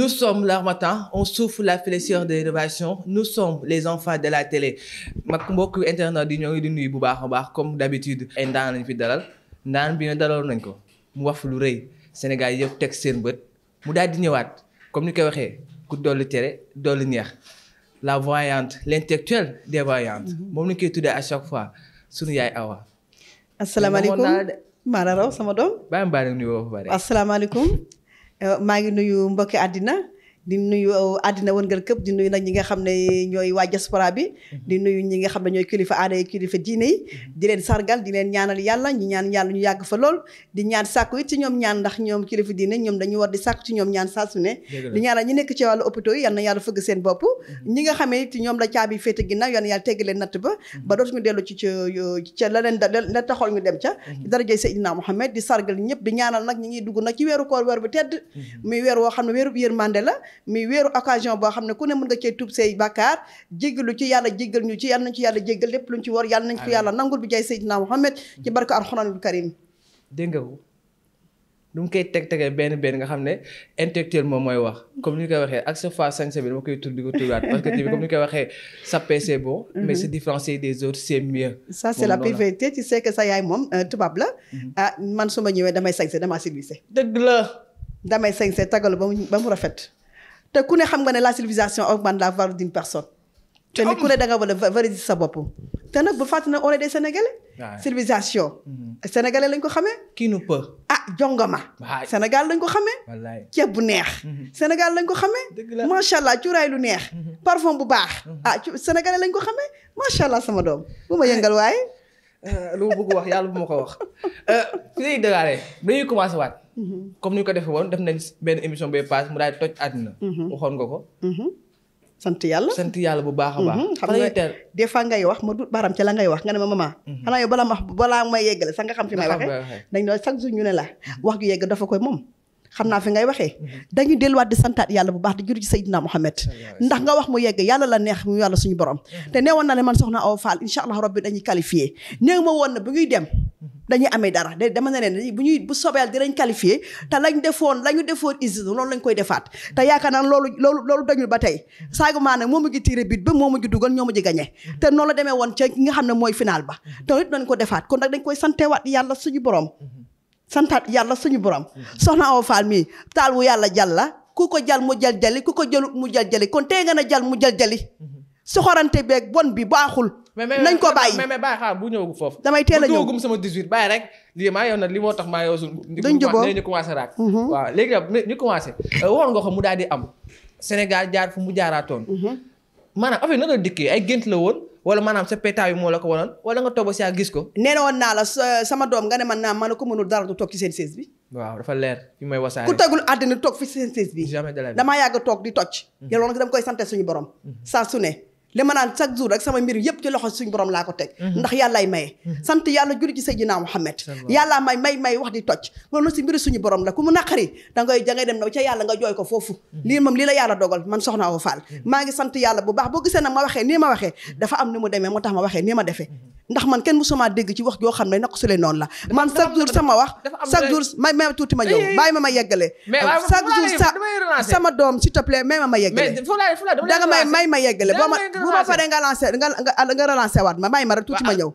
Nous sommes la matin, on souffle la fraîcheur de l'innovation, nous sommes les enfants de la télé. mag mbokk internet di ñoo ngi di nuyu bu baax a baax comme d'habitude ay ndaan lañ fi dalal ndaan bi ne dalal nañ ko mu wax lu rëy Sénégal yëpp teg seen bët mu daal di ñëwaat comme ni koy waxee ku dolli tere dolli neex la voyante l'intellectuelle des voyantes mm-hmm. moom nu koy tuddee à chaque fois sunu yaay Awa. asalaamaaleykum maa la raw sama doom. bàyyi ma baal nuyoo ba pare. asalaamaaleykum. Eh, maa ngi nuyu mbokki àddina di nuyu uh, àddina wërngal këpp di nuyu nag ñi nga xam ne ñooy waa diaspora bi mhm. di nuyu ñi nga xam ne ñooy kilifa aada yi kilifa diine yi mhm. di leen sargal di leen ñaanal yàlla ñu ñaan yàlla ñu yàgg fa lool di ñaan sàkku it ñoom ñaan ndax ñoom kilifa diine ñoom dañu war di sàkku ci ñoom ñaan saa su ne di ñaanal ñi nekk ci wàllu hôpitaux yi yal na seen bopp mhm. ñi nga xam ne it ñoom la caabi féete ginnaaw tegg leen natt ba ba dootuñu dellu ci ca la leen la taxool ñu dem ca darajay Seydina Muhammad di sargal ñëpp di ñaanal nag ñi ngi dugg nag ci weeru koor weer bu tedd muy weer woo xam ne weeru yërmande la mi wéeru occasion boo xam ne ku ne mën nga cee tuub say bàkkaar jéggalu ci yàlla jéggal ñu ci yàlla nañ ci yàlla jéggal lépp luñ ci war yàlla nañ ko yàlla nangul bi jaay Seydina Muhammad mm-hmm. nga lu mu koy teg tegee benn benn nga xam ne intellectuel moom mooy wax comme ni koy waxee ak sa fois sañse ko tuddaat parce que tamit comme ni ñu koy waxee saper mm-hmm. c'est la sa yaay moom euh, tubaab la. Mm-hmm. ah man su ma ñëwee damay sañse damaa civilisé. dëgg la. damay sañse tagal ba mu ba mu rafet. te ku ne xam nga ne la civilisation augmente la valeur d'une personne. te ni ku ne da nga war a valoriser sa bopp. te nag bu fa ne on est des sénégalais. civilisation. Mm-hmm. sénégalais lañ ko xame kii nous peut. ah jongoma. Sénégal lañ ko xamee. ceeb bu neex. Mm-hmm. Sénégal lañ ko xamee. dëgg la macha allah cuuraay lu neex. Mm-hmm. parfum bu baax. ah sénégalais lañ ko xamee macha allah sama doom bu ma yëngal waaye. Eh, eh, lu mu bëgg wax yàlla bu ma ko wax. Eh, commencé waat. Mm-hmm. comme ni ñu ko defee woon def nañ benn émission bee paas mu daal di toj àddina. Mm-hmm. waxoon nga ko. Mm-hmm. sant yàlla sant yàlla bu baax a baax. xam nga des fois ngay wax ma du baram ci la ngay wax nga ma maman. xanaa yow balaa ma balaa may yeggale sax nga xam fi may waxee. dañ doon chaque la. wax ju yegg dafa koy moom. xam yàlla bu baax di ci Seydina Mohamed ndax nga wax mu yegg yàlla la neex mu yàlla suñu borom te neewoon na ne man soxna Awa Fall incha allah rabbi dañuy qualifié néew ma woon na bu ñuy dem dañuy amee dara de dama ne leen bu ñuy bu sobeel dinañ qualifié te lañ defoon la ñu defoon ISRA loolu lañ koy defaat te yaakaar naa loolu loolu loolu dañul ba tey Sadio Mané moo mujj tiré but ba moo mujj dugal ñoo ji gagné te noonu la demee woon ca ki nga xam ne mooy final ba te it nañ ko defaat kon nag dañ koy santewaat yàlla suñu borom santaat yàlla suñu borom soxna Awa Fall mii taal wu yàlla jàlla ku ko jàll mu jël jëli ku ko jëlut mu jël jëli kon tey jàll mu jël jëli soxorante beeg bon bi baaxul. nañ ko bàyyi mais mais bàyyi xaar bu ñëwagum foofu. damay teel a ñëw bu ñëwagum sama 18 bàyyi rek lii maa moo tax maa yow suñu. dañ jubóo ñu commencé raak. Mhm. waaw léegi nag ñu euh, nga mu daal di am Sénégal jaar fu mu jaaraatoon. Mhm. maanaam affaire yi nan la dikkee ay gént la woon wala maanaam sa pétaaw yi moo la ko wanoon wala nga toog ba gis ko. nee na woon naa la sama doom nga ne man naa man ko mënul dara du toog ci seen sées bi. waaw dafa leer fi may wasaare. ku tegul àddina toog fi seen sées bi. damaa yàgg toog di toj. Mhm. yàlla loolu dama koy sante suñu borom saa su ne li ma naan chaque jour ak sama mbir yëpp ci loxo suñu borom laa ko teg mhm. ndax yàllaay maye mhm. sant yàlla julli ci Seydina Muhammad yàllaa may may may wax di toj loolu si mbiri suñu borom la ku mu naqari da ngay ngay dem na ca yàlla nga jooy ko foofu mhm. lii moom lii la yàlla dogal man soxna Awa Fall maa ngi sant yàlla bu baax boo gisee nag ma waxee nii ma waxee dafa am ni mu demee moo tax ma waxee nii ma defee ndax man kenn ma dégg ci wax joo xam ne naq su leen noonu la man chaque jour sama wax chaque jour may ma tuuti ma ñëw bàyyi ma sa sama doom s'il te plaît may ma ma may ma yeggale boo ma bu ma paree nga lancé nga nga relancé waat ma may ma tuuti ma ñëw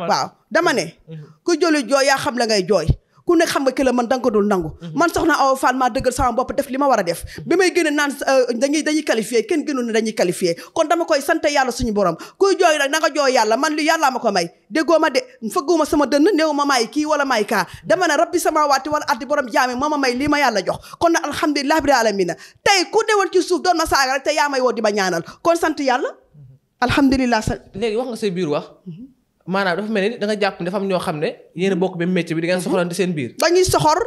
ah, waaw dama ne mhm. ku jëlu jooy yaa xam la ngay jooy ku nekk xam nga ki man danga ko dul nangu mhm. man soxna Awa Fall maa dëggal sama bopp def li ma war a def mhm. bi may gën a naan euh, dañuy dañuy kenn gënul ne dañuy qualifié kon dama koy sant yàlla suñu borom kuy jooy nag na nga jooy yàlla man li yàllaa ma ko may déggoo ma de fëgguma sama dënn néew ma maay kii wala may kaa dama ne rabbi sama waati wala addi borom jaami moo ma may lii ma yàlla jox kon nag alhamdulilah bi alamina tey ku dewoon ci suuf doon ma saaga rek te yaa may woo di ma ñaanal kon sant yàlla mhm. alhamdulilah sa léegi wax nga say biir wax maanaam dafa mel ni danga jàpp ne dafa am ñoo xam ne yéen bokk même métier bi di ngeen mhm. soxorante seen biir. dañuy soxor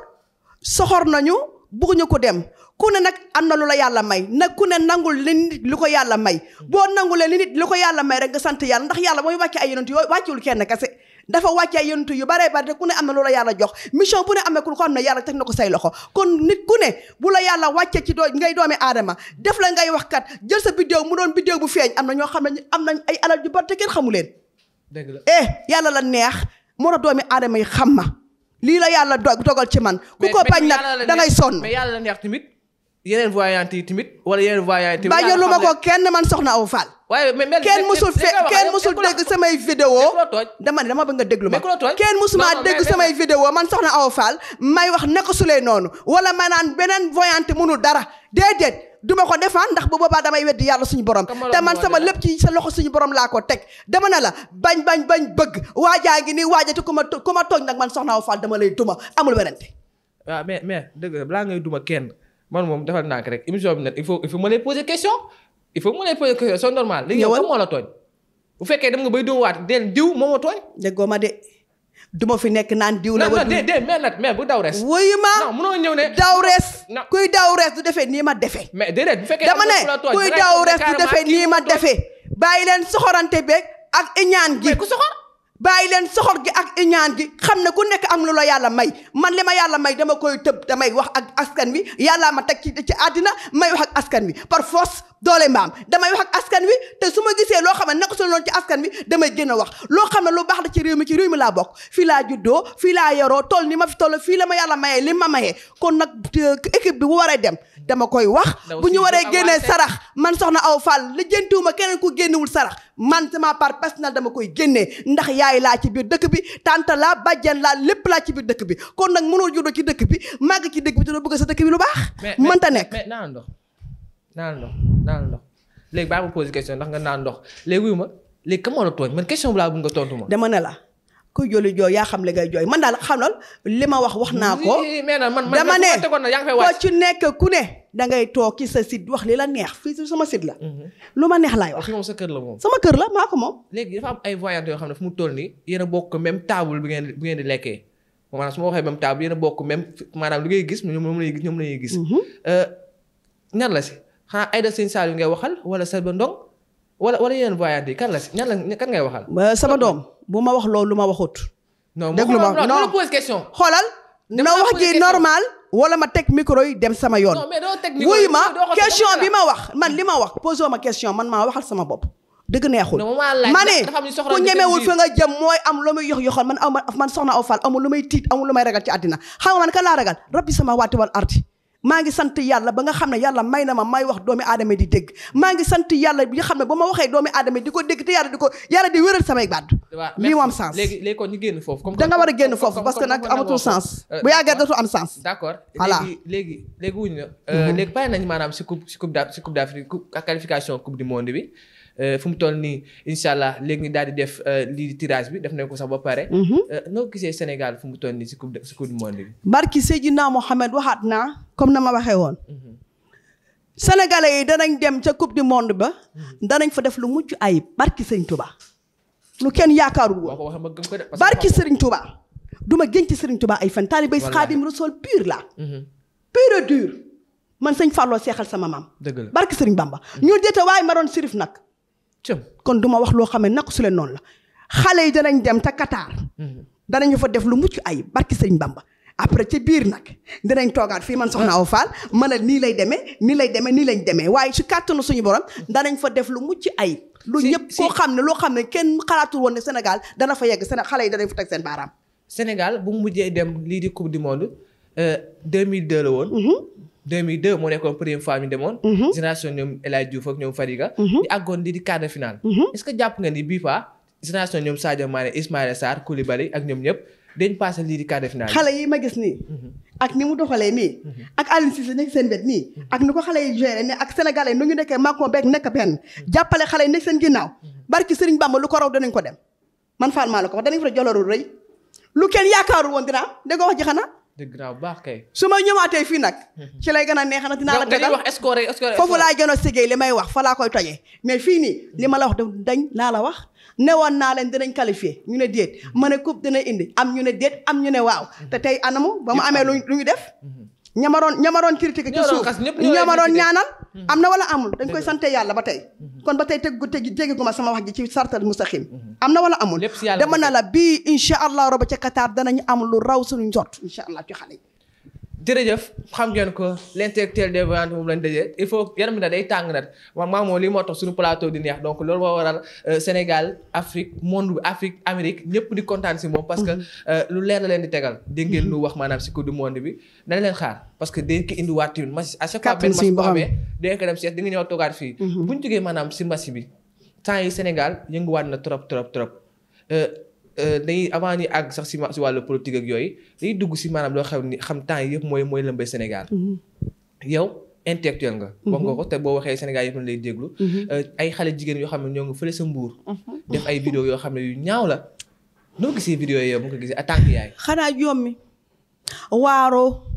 soxor nañu bëgguñu ko dem ku ne nag am na lu la yàlla may nag ku ne nangul li nit lu ko yàlla may boo nangulee li nit lu ko yàlla may rek nga sant yàlla ndax yàlla mooy wàcce ay yonent yooyu wàccewul kenn kese. dafa wàcce ay yonent yu bare bare ku ne am na lu la yàlla jox mission bu ne am na ku ko xam ne yàlla teg na ko say loxo kon nit ku ne bu la yàlla wàcce ci doo ngay doomi aadama def la ngay wax kat jël sa biddéew mu doon biddéew bu am na ñoo xam ne am nañ ay alal ju bare xamu leen dëgg la eh yàlla la neex moo tax doomi aadama yi xam ma lii la yàlla dogal ci man. ku ko bañ nag da ngay sonn. mais yàlla la neex tamit yeneen voyante yi tamit wala yeneen voyante yi. bañalu ma ko kenn man soxna aw faal waaye mais mais kenn musul fe kenn musul dégg samay vidéo dama ne dama ba nga déglu ma kenn musuma dégg samay vidéo man soxna aw Fall may wax naka su noonu wala ma naan beneen voyante mënul dara déedéet. du ma ko defaan ndax bu boobaa damay weddi yàlla suñu borom te man sama lépp ci sa loxo suñu borom laa ko teg dama ne la bañ bañ bañ bëgg waa ngi ni waajati ku ma ku ma tooñ nag man Soxna Awa dama lay duma amul werante waaw ah, mais mais dëgg la balaa ngay duma kenn man moom defal naa ko rek émission bi nag il faut il faut ma lay poser question il faut ma lay poser question c'est normal léegi yow moo la tooñ bu fekkee dem nga bay duma waat deel diw moo ma tooñ déggoo ma de du ma fi nekk naan diw la. wala du mais bu daw res. wuyu ma non munoo ñëw ne. daw res. kuy daw res du defee nii ma defee. mais déedéet bu fekkee dama ne kuy daw res du defee nii ma defee. bàyyi leen soxorante beeg ak iñaan gi. mais bàyyi leen soxor gi ak iñaan gi xam ne ku nekk am lu la yàlla may man li ma yàlla may dama koy tëb may wax ak askan wi yàllaa ma teg ci ci àddina may wax ak askan wi par force. doole maam damay wax ak askan wi te su ma gisee loo xam ne nekk su loon ci askan wi damay gën a wax loo xam ne lu baax la ci réew mi ci réew mi laa bokk fii laa juddoo fii laa yoroo toll ni ma fi toll fii la ma yàlla mayee li ma mayee kon nag euh, équipe bi bu waree dem dama koy wax bu ñu waree génnee sarax man soxna aw Fall li jëntuwuma keneen ku génnewul sarax man sama part personnel dama koy génnee ndax yaay laa ci biir dëkk bi tante laa bàjjen laa lépp laa ci biir dëkk bi kon nag mënoo juddoo ci dëkk bi màgg ci dëkk bi te doo sa dëkk bi lu baax mënta nekk naan ndox naan ndox léegi baa ma posé question ndax nga naan ndox léegi wuyu ma léegi ka moo la tooñ man question bu laa bëgg nga tontu ma. dama ne la kuy jooy jooy yaa xam li ngay jooy man daal xamal li ma wax wax naa ko. dama ne ko ci nekk ku ne. da ngay toog ci sa wax li la neex fii ci sama site la. Mhm. lu ma neex laay wax. moom sa kër la moom. sama kër la maa ko moom. léegi dafa am ay voyante yoo xam ne fu mu toll nii yéen a bokk même table bi ngeen bi ngeen di lekkee maanaam su ma waxee même table yéen bokk même maanaam li ngay gis ñoom ñoom la ñuy gis ñoom la ñuy gis. Mhm. Euh, ñan la si xanaa Aida Sine Saliou ngay waxal wala Selbé Ndom wala wala yeneen voyant yi kan la si ñan la kan ngay waxal. Euh, sama doom bu ma wax loolu lu ma waxut. déglu ma non non pose question. xoolal na wax ji normal. wala ma teg micro yi dem sama yoon. non mais doo teg micro yi wuy ma question bi ma wax man li ma wax posé ma question man maa waxal sama bopp. dëgg neexul ma ne ku ñemewul fi nga jëm mooy am lu muy yox yoxal man aw man soxna aw faal amul lu may tiit amul lu may ragal ci àddina xam nga man kan laa ragal rabbi sama waati wal ardi maa ngi sant yàlla ba nga xam ne yàlla may na ma may wax doomi aadama di dégg maa ngi sant yàlla bi xam ne ba ma waxee doomi aadama di ko dégg te yàlla di ko yàlla di wéral samay gàddu lii moom sens léegi léegi a génn foofu parce que nag amatul sens euh, wuñ na euh, mhm. léegi bàyyi nañ maanaam si coupe si coupe d' coupe d'Afrique qualification coupe du monde bi euh, fu mu daal di def lii di bi def nañ ko sax ba pare mhm. noo gisee Sénégal fu mu toll nii si waxaat naa comme na ma waxee woon sénégalais yi danañ dem ca coupe du monde ba danañ fa def lu mucc ayib barki sëriñ tubaa lu kenn yaakaarul woon barki sëriñ Touba du ma gën ci sëriñ tubaa ay fan taalibay xaadim rasul pur la mhm. pur et man sëñ Fallou seexal sama maam barki sëriñ Bamba mhm. ñu jëte waaye ma doon sirif nag kon du ma wax loo xam ne nag su leen noonu la xale yi danañ dem te Qatar mhm. danañu fa def lu mucc ayib barki sëriñ Bamba après ci biir nag dinañ toogaat fii man soxna Awa Fall mën la nii lay demee nii lay demee nii lañ demee waaye si kàttanu suñu borom danañ fa def lu mucc ayib. lu ñëpp koo xam ne loo xam ne kenn xalaatul woon ne Sénégal dana fa yegg Sénégal xale yi danañ fa teg seen baaraam. Sénégal bu mu mujjee dem lii di coupe du monde 2002 euh, la woon. 2002 mhm. moo nekkoon première fois ñu demoon. Mhm. génération ñoom El Hadj ak ñoom Fadiga. Mhm. ñu àggoon lii di quart de finale. est que jàpp nga ni bii fa génération ñoom Sadio Mané Ismaïla Sarr ak ñoom ñëpp. dañ passé lii di xale yi ma gis nii mhm. ak ni mu doxalee nii mhm. ak Aliou Cissé nekk seen wet nii mhm. ak ni ko xale yi géré nii ak sénégalais nu ngi nekkee Macron beeg nekk benn jàppale xale yi nekk seen ginnaaw barki Serigne ma lu ko raw danañ ko dem man Fall maa la ko wax danañ fa joloru rëy lu kenn yaakaarul woon dina da nga wax ji xanaa dëgg naa su ma ñëwaatee fii nag. ci lay gën a neex nag dinaa la tegal wax escoré escoré foofu laa gën a sigéey li may wax fa laa koy tojee mais fii nii li ma la wax dañ laa la wax newoon naa leen dinañ qualifié ñu ne déet ma ne coupe dina indi am ñu ne déet am ñu ne waaw mm-hmm. te tey anamu ba mu amee lu ñu def. Mm-hmm. ñamaroon ñamaroon critique ci suuf ñamaroon ñaanal mm-hmm. am na wala amul dañ koy sante yàlla ba tey mm-hmm. kon ba tey teg teggu tegi jégigu ma sama wax ji ci sartal mustaqim mm-hmm. am na wala amul dama na la bii incha allah roba ca Qatar danañu am lu raw suñu njort incha allah ci xale yi jërëjëf xam ngeen ko l'intellectuel des voyantes moom lañ dajee il faut yaram bi na day tàng nag man moom lii moo tax suñu plateau di neex donc loolu moo waral euh, Sénégal Afrique monde bi Afrique Amérique ñëpp di kontaan si moom parce que mhm. euh, lu leer la leen di tegal dégg lu wax maanaam si coupe du monde bi nañ leen xaar parce que dañ ko indiwaat tamit match à chaque fois benn match bu amee dañ dem si di nga ñëw toogaat fii mhm. buñ jógee maanaam si match bi temps yi Euh, dañuy avant ñuy àgg sax si si wàllu politique ak yooyu dañuy dugg si maanaam loo xam ni xam temps yi yëpp mooy mooy Sénégal. Mhm. yow intellectuel nga. wax nga mhm. ko te boo waxee Sénégal yëpp na lay déglu. Mhm. Euh, ay xale jigéen yoo xam ne ñoo ngi fële sa mbuur. def ay vidéo yoo xam ne yu ñaaw la. noo gisee vidéo yooyu yow mu ko gisee en tant yaay. xanaa yombi. waaro.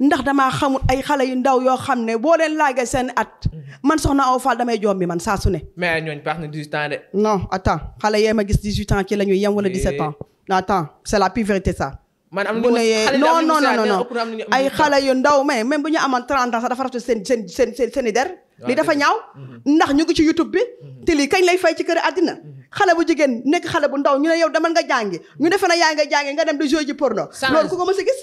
ndax damaa xamul ay xale yu ndaw yoo xam ne boo leen laagee seen at mhm. man soxna Awa Fall damay jombi man saa su ne. mais ñooñu paas na 18 ans de. non attends xale yee ma gis 18 ans ci la ñuy yem wala 17 eh. ans non attends c'est la pure vérité ça. man am nañu non non non ay xale yu ndaw mais même bu ñu amoon 30 ans sax dafa rafetlu seen seen seen seen seen i der. li dafa ñaaw mhm. ndax ñu ngi ci YouTube bi. Mhm. te lii kañ lay fay ci kër àddina. Mhm. xale bu jigéen nekk xale bu ndaw ñu ne yow demal nga jàngi ñu defe na yaa nga jàngi nga dem di jouer ji porno. loolu ku ko mës a gis.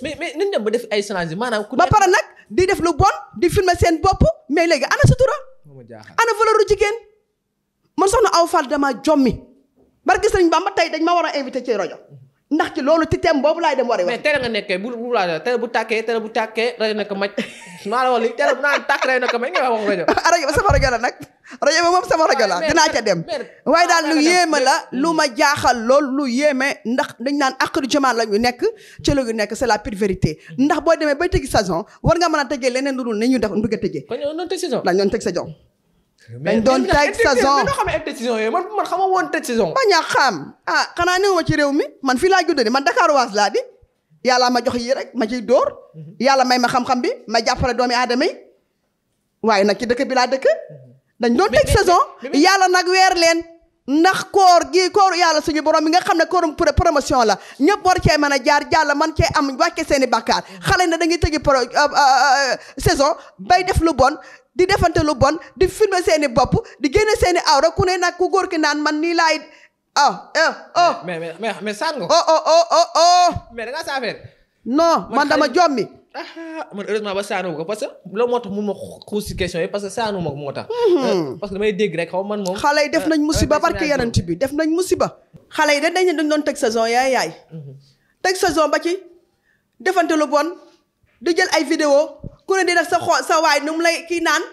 ba def ay change maanaam. pare nag di def lu bon di filmer seen bopp mais léegi ana sutura. ana valeur jigéen. man soxna aw Fall dama jommi. barke Sëriñ Bamba tey dañ ma war a invité ci rajo. ndax ci loolu ci teem boobu laay dem war a wax. tere nga nekkee bu bu laajoo tere bu tàkkee tere bu takkee rajo na ko maj maa la wax rajo na ko maj nga wax rajo. Ah, rajo la nag rajo bi moom sama rajo la ah, dinaa ca dem. waaye daal lu ah, yéeme la lu ma jaaxal lool lu yéeme ndax dañ naan àqiru jamaan la ñu nekk ci la ñu nekk c'est la pure ndax boo demee bay tëj saison war nga mën a tëjee leneen lu dul ne ñu def nu nga tëjee. kon ñoo teg tëj saison. dañ doon teg saison xam décision yooyu man man xama woon teg saison. bañ a xam a ah, xanaa néew ma ci réew mi man fii laa juddoo man Dakar waas laa di yàlla ma jox yi rek ma ciy door mhm. yàlla may ma xam-xam bi ma jàppale doomi aadama yi waaye nag ci dëkk bi laa dëkk. Mhm. dañ doon saison yàlla nag weer leen. ndax koor gi koor yàlla suñu borom mi nga xam ne koorum promotion la ñëpp war cee mën a jaar jàll man cee am wàcce seen i bàkkaar xale na dañuy tëji pro euh, euh, euh, saison bay def lu bon di defante lu bon di filmer seeni bopp di génne seeni awra ku ne nag ku góor ki naan man nii laay ah eh, eh, oh. mais mais mais sànq. oh oh oh, oh, oh. non man dama jommi. ah man heureusement ba saanu ko parce que loolu moo tax mun ma xuus si question yi parce que saanu ma ko moo tax. Mhm. Euh, parce que damay dégg rek xaw man moom. xale yi def nañ euh, musiba barke yanant bi def nañ musiba. xale yi dañ dañ dañ doon teg saison yaay yaay. Mhm. teg saison ba ci defante lu bon di jël ay vidéo ku ne di def sa xoo sa waay nu mu lay kii naan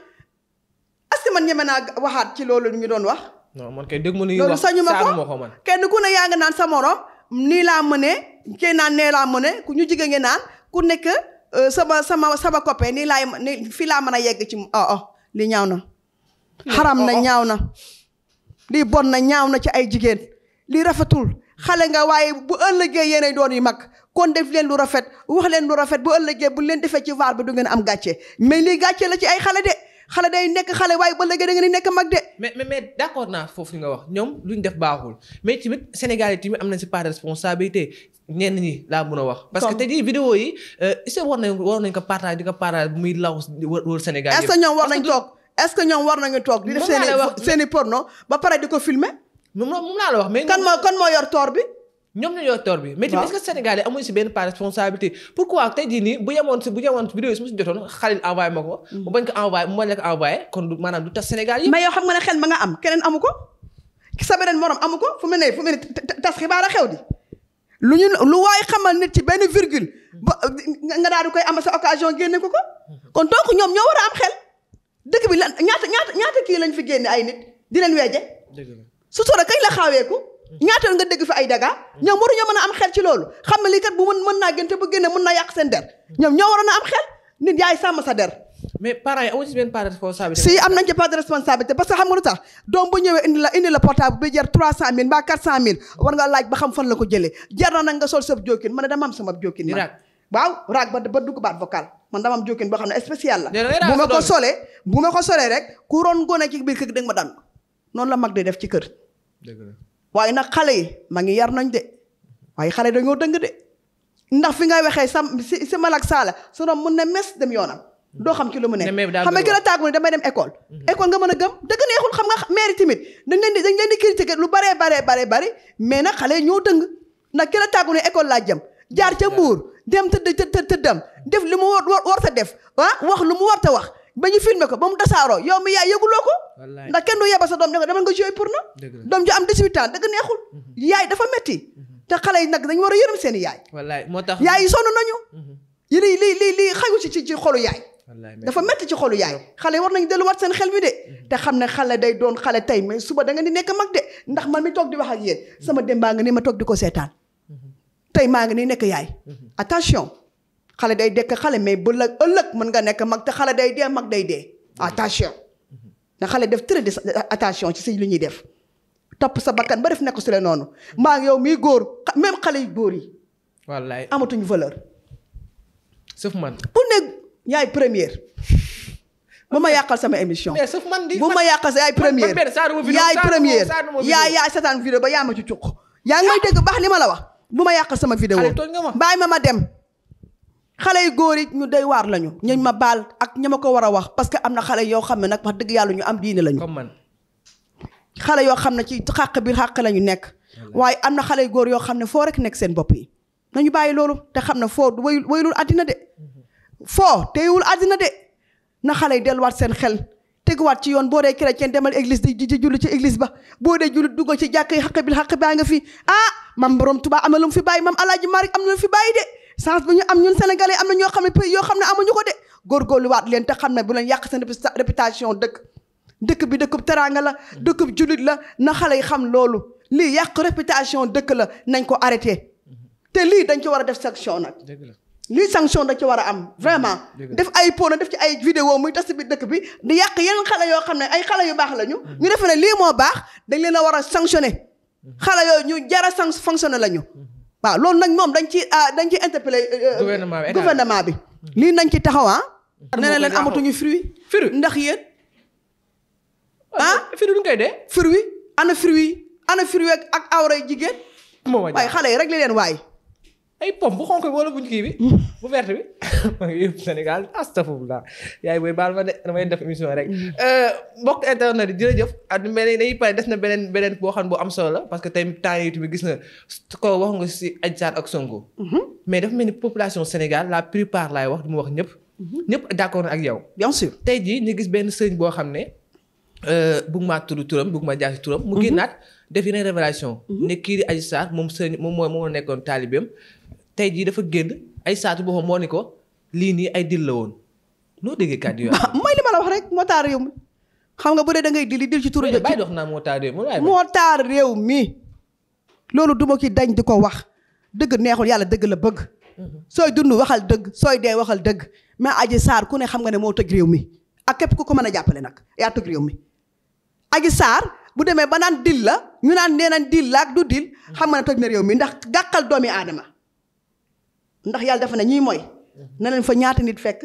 est que man ñeme naa waxaat ci loolu ñu doon wax. non man kay dégg ma ni wax sañu ma ko man kenn ku ne yaa nga naan sa morom nii laa mëne kii naan nee laa mëne ku ñu jigéen ngeen naan ku nekk euh, sama sama sama copain nii laay nii fii laa mën a yegg ci oh oh li ñaaw na. xaram na oh, oh. ñaaw na. lii bon na ñaaw na ci ay jigéen lii rafetul xale nga waaye bu ëllëgee yéenay doon yu mag kon def leen lu rafet wax leen lu rafet bu ëllëgee bu leen defee ci vaar bi du ngeen am gàccee mais lii gàcce la ci ay xale de xale day nekk xale waaye ba léegi da ngeen di nekk mag de. mais mais mais naa foofu nga wax ñoom ñu def baaxul mais tamit Sénégal yi tamit am na si part de responsabilité ñenn ñi laa mën a wax. parce que tey jii vidéo yi euh, est-ce que war nañ war ko partage di ko partage bu muy law wër Sénégal est war nañ toog est que ñoom war nañu toog. di def seen i porno ba pare di ko filmer. moom moom laa la wax mais. kan moo kan moo yor toor bi. ñoom ñoo yor toor bi. mais tamit si benn part responsabilité pourquoi tey jii nii bu yemoon si bu yemoon vidéo yi su ma si jotoon Khalil envoyé ma ko. mu mm-hmm. bañ ko envoyé mu bañ la ko envoyé kon du maanaam du am ko sa beneen morom amu ko fu mu ne fu ne lu ñu lu waay nit ci benn virgule ba nga daal di koy am sa génne ko ko kon donc ñoo war a am xel dëkk bi lan ñaata ñaata ñaata kii lañ fi génne ay nit di leen weeje sutura kañ la xaaweeku ñaatal nga dégg fi ay daga ñoom waruñoo mën a am xel ci loolu xam ne lii kat bu mën mën naa gën te bu génne mën naa yàq seen der ñoom ñoo waroon a am xel nit yaay sàmm sa der si am nañ ci parce que xam nga lu tax doom bu ñëwee indi la indi la portable bi jar trois cent mille mbaa quatre cent mille war nga laaj ba xam fan la ko jëlee jar na nag nga sol sab jokkin man ne dama am sama jokkin man waaw raag ba dugg baat vocal ma noonu la mag di def ci kër waaye nag xale yi ma ngi yar nañ de waaye xale yi ñoo dëng de ndax fi ngay waxee sam si si malak saala su doom mën na mes dem yoonam doo xam ci lu mu ne xam nga gën a tàggu ne dem école mhm. école nga mën a gëm dëgg neexul xam nga maire timit dañ leen di dañ leen di critiquer lu baree bare baree bari mais na xale ñoo dëng ndax gën a tàggu ne école laa jëm jaar ca mbuur dem tëdd tëdd tëddam def li mu war war ta def ah wax lu mu war ta wax ba ñu filmé ko ba mu tasaaroo yow mi yaay yëguloo ko ndax kenn du yeba sa doom ne ko demal nga joué pour na doom ju am 18 dëgg neexul mhm. yaay dafa metti mhm. te xale yi nag dañu war a yërëm seen yaay wallaay moo tax yaay yi sonn nañu mhm. yi lii lii lii lii xaju ci ci ci xolu yaay dafa metti ci xolu yaay xale war nañu delluwaat seen xel mi de te xam ne xale day doon xale tey mais suba da nga di nekk mag de ndax man mi toog di wax ak yéen sama démbaa nga ni ma toog di ko seetaan tey maa ngi ni nekk yaay attention xale day dekk xale mais bu la ëllëg mën nga nekk mag te xale day dee mag day dee attention na xale def très attention ci si lu ñuy def topp sa bakkan ba def nekk su le noonu maa ngi yow miy góor même xale yu góor yi wallaay amatuñ valeur sauf man bu nekk yaay première bu ma yàqal sama émission bu ma yàqal sa yaay première yaay première yaay yaay setaan vidéo ba yaa ma ci cuq yaa ngi may dégg baax li ma la wax bu ma yàqal sama vidéo bàyyi ma ma dem xale yu góor yi ñu day waar lañu ñañ ma baal ak ña ma ko war a wax parce que am na xale yoo xam ne nag wax dëgg yàlla ñu am diine lañu. comme man xale yoo xam ne ci xàq bi xàq lañu nekk. waaye am na xale yu góor yoo xam ne foo rekk nekk seen bopp yi. nañu bàyyi loolu te xam ne foo wayul wayulul àddina de. Mhm. foo teewul àddina de na xale yi delluwaat seen xel. waat ci yoon boo dee chrétien demal église di di julli ci église ba boo dee julli dugg ci jàkk yi xàq bi xaq baa nga fi ah mam borom Tuubaa am na lu mu fi bàyyi mam Alaaji Maalik am na fi bàyyi chance bi ñu am ñun sénégalais am na ñoo xam ne yoo xam ne amuñu ko de góorgóorluwaat leen te xam ne bu leen yàq seen réputation dëkk dëkk bi dëkkub teraanga la dëkkub jullit la na xale yi xam loolu lii yàq réputation dëkk la nañ ko arrêté te lii dañ ci war a def sanction nag lii sanction dañ ci war a am vraiment def ay pône def ci ay vidéo muy tas bi dëkk bi di yàq yeneen xale yoo xam ne ay xale yu baax la ñu ñu defe ne lii moo baax dañ leen a war a sanctionné mmh. xale yooyu ñu jara san fonctionné la ñu mmh. waaw loolu nag moom dañ ci ah, dañ ci interpellé. Euh, euh, gouvernement bi bi. lii nañ ci taxaw ah. leen amatuñu fruit. fruit ndax yéen. ah, ah? fruit duñ koy dee. fruit ana fruit ana fruit ak awray jigéen. waaye xale yi rek li leen waay. ay pom bu xonk bi wala buñ kii bi bu verte bi ma ngi yóbbu Sénégal astafurlah yaay booy baal ma de damay def émission rek mm-hmm. euh, mbokk internet yi jërëjëf at mel ni dañuy pare des na beneen beneen boo xam boo am solo la parce que tey temps yi tamit gis na ko wax nga si Adji Sarr ak Sonko mm-hmm. mais dafa mel ni population Sénégal la plupart laay wax du mu wax ñëpp mm-hmm. ñëpp d'accord ak yow bien sûr tey jii ñu gis benn sëriñ boo xam ne euh, bëgg maa tudd turam bëgg maa jaar si turam mu génnaat def yeneen révélation ne kii di Adji Sarr moom sëriñ moom mooy moo nekkoon taalibeem tey jii dafa génn ay saatu boo moo ni ko lii nii ay dil la woon noo déggee kàddu mooy li la wax rek moo taar réew mi nga bu dee da ngay dili dil ci turu. ci bàyyi dox naa moo taar réew mi moo taar réew mi loolu duma ki dañ di ko wax dëgg neexul yàlla dëgg la bëgg. sooy dund waxal dëgg sooy dee waxal dëgg mais aji saar ku ne xam nga ne moo tëj réew mi ak képp ku ko mën a jàppale nag yaa tëj réew mi aji saar bu demee ba naan dil la ñu naan nee naan dil la ak du dil xam nga ne tëj na réew mi ndax gàkkal doomi aadama ndax yàlla dafa ne ñuy mooy na fa ñaata nit fekk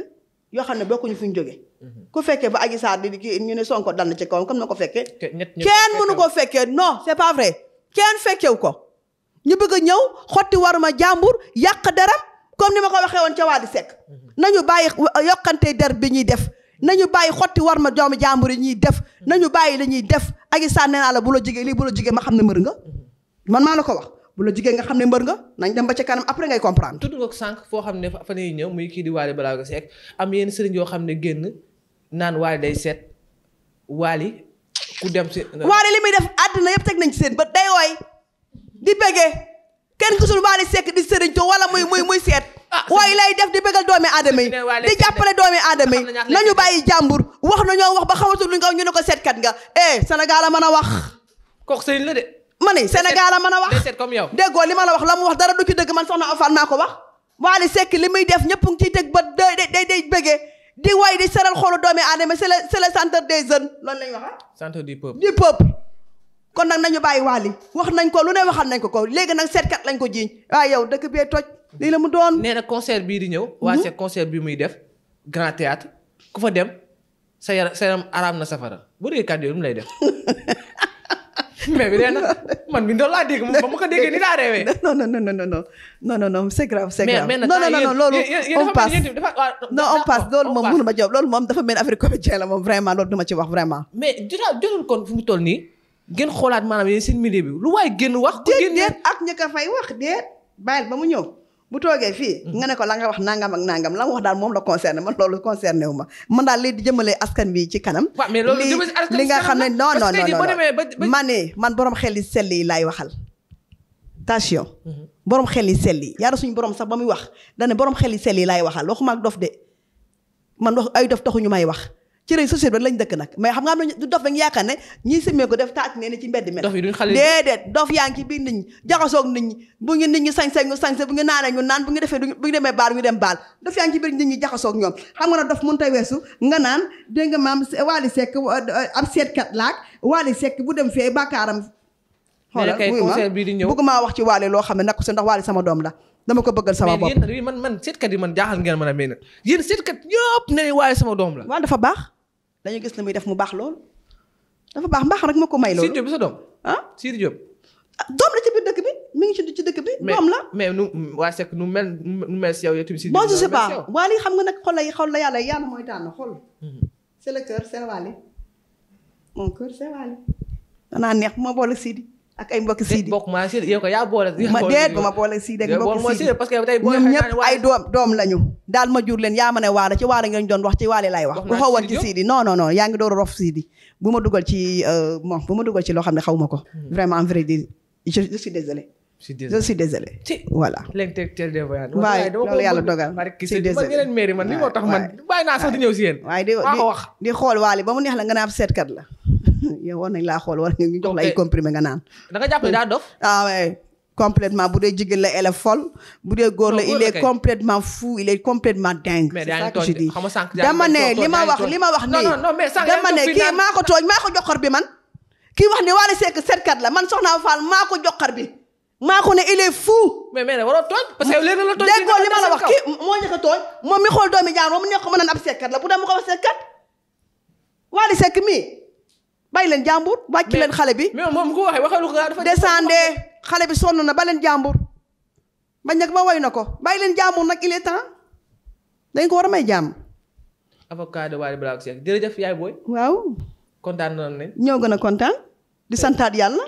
yoo xam ne bokkuñu fi ñu jóge mhm. ku fekkee ba Adji Sarr di kii ñu ne Sonko dal na ci kawam comme na ko fekkee kenn mënu ko fekkee non c'est pas vrai kenn fekkew ko ñu bëgg a ñëw xotti waruma jàmbur yàq deram comme ni ma ko waxee woon ca waa di sekk mhm. nañu bàyyi yokkante der bi ñuy def nañu bàyyi xotti war ma doomu jàmbur yi ñuy def mhm. na ñu bàyyi lañuy def Adji Sarr nee la bu la jigee lii bu la jigee ma xam ne mër nga man maa la ko wax bu la jigéen nga xam ne mbër nga nañ dem ba ca kanam après ngay comprendre. tudd nga ko sànq foo xam ne fa lay ñëw muy kii di Waly Balago Seck am yenn sëriñ yoo xam ne génn naan Waly day seet Waly ku dem si. Waly li muy def àddina yëpp teg nañ ci seen bët day wooy di bëggee kenn gisul Waly Seck di sëriñ to wala muy muy muy seet. Ah, waaye lay def di bëggal doomi aadama yi di jàppale doomi aadama yi nañu bàyyi jàmbur wax nañoo wax ba xamatul lu nga ñu ne ko seetkat nga eh Sénégal a mën a wax. kooku sëriñ ma ni Sénégal a man a wax comme yow déggoo li man a wax la mu wax dara du ci dëgg man soxna Ofane maa ko wax Wally sekk li muy def ñëpp ngi ciy teg ba day day day bëggee di way di seral xolu doomi aadama c'est le c'est le centre des jeunes loolu lañu waxa centre du peuple du peuple kon nag nañu bàyyi Wally wax nañ ko lu ne waxal nañ ko ko léegi nag seetkat lañ ko jiiñ waaye yow dëkk bee toj lii la mu doon nee na concert bii di ñëw waa hmm? c'est concert bi muy def grand théâtre ku fa dem sa yaram sa yaram safara bu dee kàddu yooyu lay def mais bi dee na man bi doon laa dégg ba ma ko déggee ni laa reewee. non non non non non non non non loolu moom dafa mel ni affaire la moom vraiment loolu du ci wax vraiment. mais jotaal jotul kon fu mu toll nii ngeen xoolaat maanaam yéen seen milieu bi lu waay génn wax. ku génn déet déet ak ña ka fay wax déet bàyyil ba mu ñëw. bu toogee fii mm. nga ne ko la nga wax nangam ak nangam la nga wax daal moom la concerné man loolu concerné wu ma man daal lii di jëmale askan wi ci kanam li li nga xam ne non non non ma ne man borom xel yi sell yi laay waxal attention mm-hmm. borom xel yi sell yi yàlla suñu borom sax ba muy wax dane borom xel yi sell yi laay waxal waxuma ak dof de man wax ay dof taxuñu may wax cëre société bi lañ dëkk nag mais xam nga am na du dof da nga yaakaar ne ñii simmee ko def taat nee ni ci mbedd mel déedéet dof yaa ngi ci biir nit ñi jaxasoog nit ñu sañse bu ngi naanee ñu naan bu ngi defee bu ngi demee baal ñu dem baal dof yaa ngi ci biir nit ñi jaxasoog ñoom xam nga na dof mënut a weesu nga naan dégg nga maam Waly bu dem fee bàkkaaram xoolal bëgguma wax ci Waly loo xam ne nag ndax Waly sama doom la dama ko bëggal sama bopp man man yi man jaaxal ngeen mën a mel yéen seetkat doom la waaw dafa baax dañu gis ne muy def mu baax lool dafa baax mbaax rek ma ko may. loolu Sidy Diop bi sa doom. ah Sidy Diop. Ah, doom dëkk bi mi ngi ci ci dëkk bi. doom la mais mais nu waa Seck nu mel nu mel si yow yow tamit. bon je sais pas waa lii xam nga nag xol la xol la yàlla yàlla mooy tànn xol. Mhm. c'est le cœur c'est Wally mon cœur c'est neex bu ma boole Sidy ak ay mbokk Sidi bokk ma Sidi yow ko yaa boole. ma déet ma boole Sidi ak mbokk Sidi parce que tey ñoom ñëpp ay doom doom lañu. daal ma leen yaa ma ci waala ngeen doon wax ci waale lay wax. waxoo ci Sidi non non non yaa ngi door a rof Sidi. bu ma dugal ci euh, bon bu ma dugal ci loo ne xaw ma ko. Hmm. vraiment en vrai dire je suis si désolé je suis désolé. voilà l'intellectuel des voyantes. waaye loolu yàlla dogal si désolé waaye di xool waale ba mu neex la nga naan seetkat la. yow war nañ laa xool war nañ jox la ay comprimé nga naan. da jàpp ne daa dof. ah oui complètement bu dee jigéen la elle est bu dee góor la il est fou il est dingue. dama ne li ma wax li ma wax nii. dama ne kii maa ko tooñ maa ko joxor bi man. kii wax ne Wally Seck seetkat la man soxna Fall maa ko joxor bi maa ko ne il est fou. mais mais nag tooñ. parce que léegi la tooñ déggoo li a tooñ moom mi xool doomi jaan moom nekk ko mën naan ab seetkat la bu dem mu ko wax seetkat Wally leen xale bi mais ko waxee waxee lu ko dafa descendé xale bi sonn na ba leen jàmbur bañ nag ma way na ko bàyyi leen jàmbur nag il est temps dañ ko war a may jàmm. avocat de Wally Ballago Seck jërëjëf yaay booy. waaw. kontaan nañ ñoo gën a kontaan. di santaat yàlla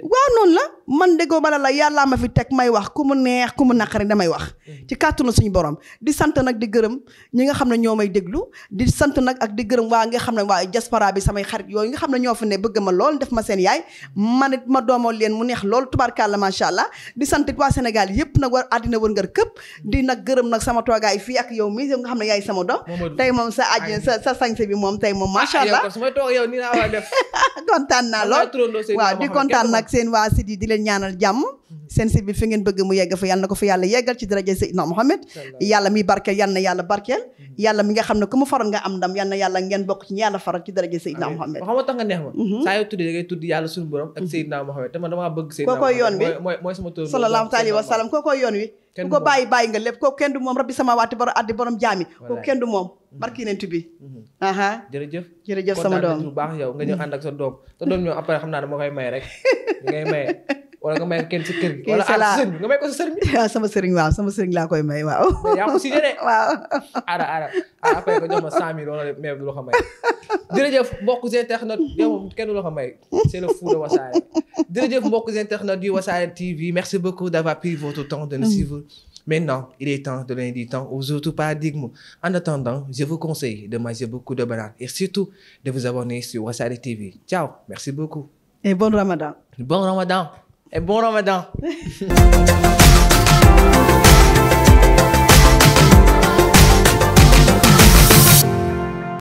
waaw noonu la man déggoo bala la yàllaa ma fi teg may wax ku mu neex ku mu naqari damay wax mm-hmm. ci kàttu na suñu borom di sant nag di gërëm ñi nga xam ne ñoo may déglu di sant nag ak di gërëm waa nga xam ne waa diaspora bi samay xarit yooyu nga xam ne ñoo fi ne bëgg ma lool def ma seen yaay man it ma doomoo leen mu neex lool tubaarkàlla macha allah di sant it waa Sénégal yëpp nag war àddina wër ngar këpp di nag gërëm nag sama toogaay fii ak yaw mi yow nga xam ne yaay sama doom tey moom sa àjj sa sa sañse bi moom tey moom macha ah, allah kontaan naa lool waaw di kontaan nag seen waa sit yi di leen ñaanal jàmm mm-hmm. seen sit fi ngeen bëgg mu yegg fa yàlla na ko fa yàlla yeggal ci daraja Seydina Mohamed yàlla mi barkeel yàlla na mm-hmm. yàlla mi nga xam ne ku mu faral nga am ndam yàlla na yàlla ngeen bokk ci ñi yàlla faral ci daraja Seydina Mohamed xam nga tax nga neex ma mm-hmm. saa yoo yoon wi mooy sama tur sallallahu alayhi yoon wi du ko bàyyi bàyyi nga lépp ko kenn du moom rabbi sama waati borom addi borom jaami kooku kenn du moom mm-hmm. barki nent bi mm-hmm. aha jërëjëf jëf sama doom bu baax yow nga ñëw ak sa doom sa doom ñoo après xam naa ne moo koy may rek ngay maye wala nga may kenn si kër gi. wala may ko si sëriñ sama sëriñ waaw sama laa koy may waaw. yaa ko si jëlee. waaw. ara ara après nga jox ma cent mille wala mais du la ko may. jërëjëf mbokk internet yow kenn du la de Wassare jërëjëf mbokk internet du Wassare TV merci beaucoup d'avoir pris votre temps de nous hmm. suivre. Maintenant, il est temps de donner du temps aux autres paradigmes. En attendant, je vous conseille de manger beaucoup de bananes et surtout de vous abonner sur Wassare TV. Ciao, merci beaucoup. Et Bon Ramadan. et bon Ramadan.